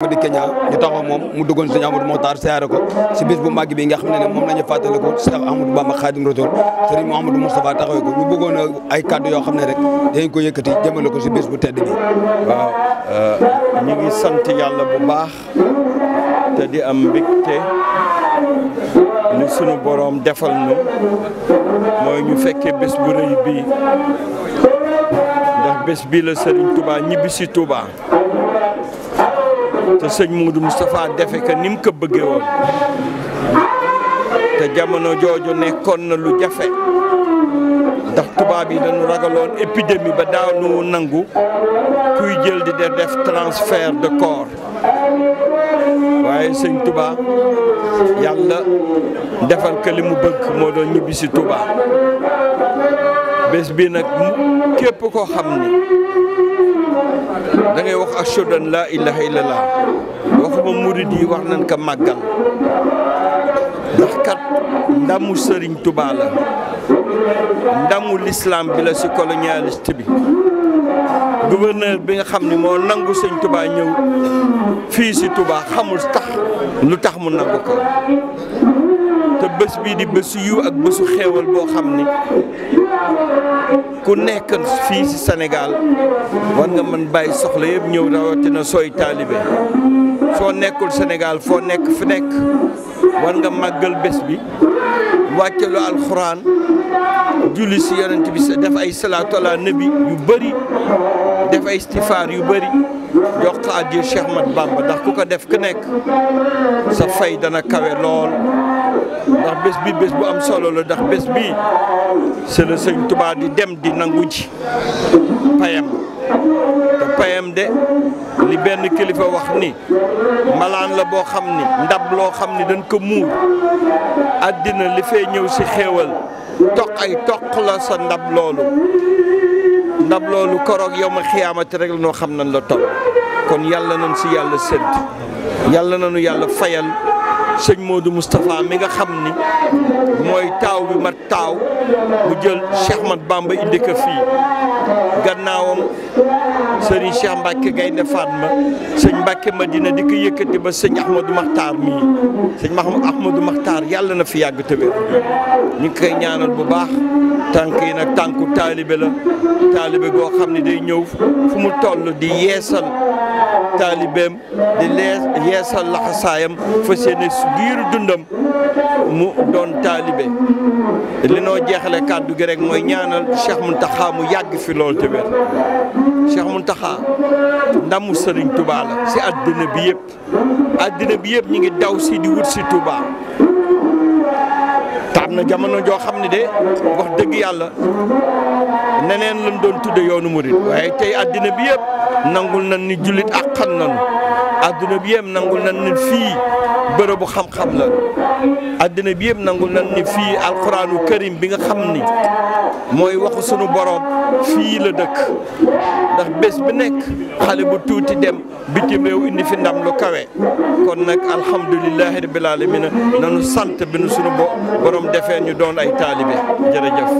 Amady Kenya ñu taxaw moom mu duggoon sëñ Amadou Mokhtar siyaare ko si bis bu màgg bi nga xam ne ne moom na ñu fàttali ko Cheikh Amadou Bamba Khadim Rasoul sëriñ Mouhamadou Moustapha taxawee ko ñu bëggoon ay kàddu yoo xam ne rek dañ ko yëkkati jëmale ko si bis bu tedd bi. waaw euh, ñu ngi sant yàlla bu te di am mbégte ñu sunu boroom defal nu mooy ñu fekkee bés bu rëy bi ndax bés bi la Serigne Touba ñibbi si Touba. te sëñ Moudou Moustapha defe ka ni mu ko bëggee woon te jamono jooju nekkoon na lu jafe ndax tubaab yi dañu ragaloon épidémie ba daanu nangu kuy jël di def transfert de corps waaye sëñ Touba yàlla defal ko li mu bëgg moo doon ñibbisi Touba. bés bi nag képp koo xam ni dangay wax ashhadu an laa ilaaha illallah waxuma murid yi wax nañ ko màggal ndax kat ndamu sëriñ tubaa la ndamu lislaam bi la si colonialiste bi gouverneur bi nga xam ni moo nangu sëñ tubaa ñëw fii si tubaa xamul tax lu tax mu nangu ko ba bés bii di bésu yiw ak bésu xéewal boo xam ni ku nekk fii ci Sénégal war nga mën bàyyi soxla yëpp ñëw rawatina sooy taalibe foo nekkul Sénégal foo nekk fi nekk war nga màggal bés bi wàccelu alxuraan julli ci yonent bi def ay salaatu ala yu bari def ay istifaar yu bari jox ko àddiya Bamba ndax ku ko def ku nekk sa fay dana kawe lool bés bi bés bu am solo la ndax bés bi c'est le sëñ di dem di nangu ji payam te payam de li benn kilifa wax ni malaan la boo xam ni ndab loo xam ni dañ ko muur àddina li fee ñëw si xewal toq ay toq la sa ndab loolu ndab loolu koroog yow ma xiyaamati rek la noo xam nañ la topp kon yàlla nañ si yàlla sédd yàlla nañu yàlla fayal sëñ Modou Moustapha mi nga xam ni mooy taaw bi mat taaw mu jël Cheikh Mat Bamba indi ko fii gannaawam sëriñ Cheikh Mbacke Gaynde Fatma sëñ Mbacke Madina di ko yëkkati ba sëñ Ahmadou Makhtar mii sëñ Ahmadou Makhtar yàlla na fi yàgg tëbéer ñu ngi koy ñaanal bu baax tànk yi nag tànku taalibe la taalibe goo xam ne day ñëw fu mu toll di yeesal taalibeem di lees yeesal laxasaayam fas yéene biir dundam mu doon taalibe li noo jeexale kàddu gi rek mooy ñaanal Cheikh Mountakha mu yàgg fi lool te wér Cheikh Mountakha ndamu Serigne Touba la si àddina bi yépp àddina bi yëpp ñu ngi daw si di wut si Touba te na jamono joo xam ne de wax dëgg yàlla neneen lañ doon tudd yoonu murit waaye tey àddina bi yëpp nangul nañ ni jullit ak xam nañu addina bi yëpp nangul nañ ni fii bërëbu xam-xam la addina bi yëpp nangul nañ ni fii alquraanu karim bi nga xam ni mooy waxu sunu boroom fii la dëkk ndax bés bi nekk xale bu tuuti dem bitim réew indi fi ndam lu kawe kon nag alhamdulilahi rabbil alamin nanu sant bi nu sunu borom defee ñu doon ay taalibe jërëjëf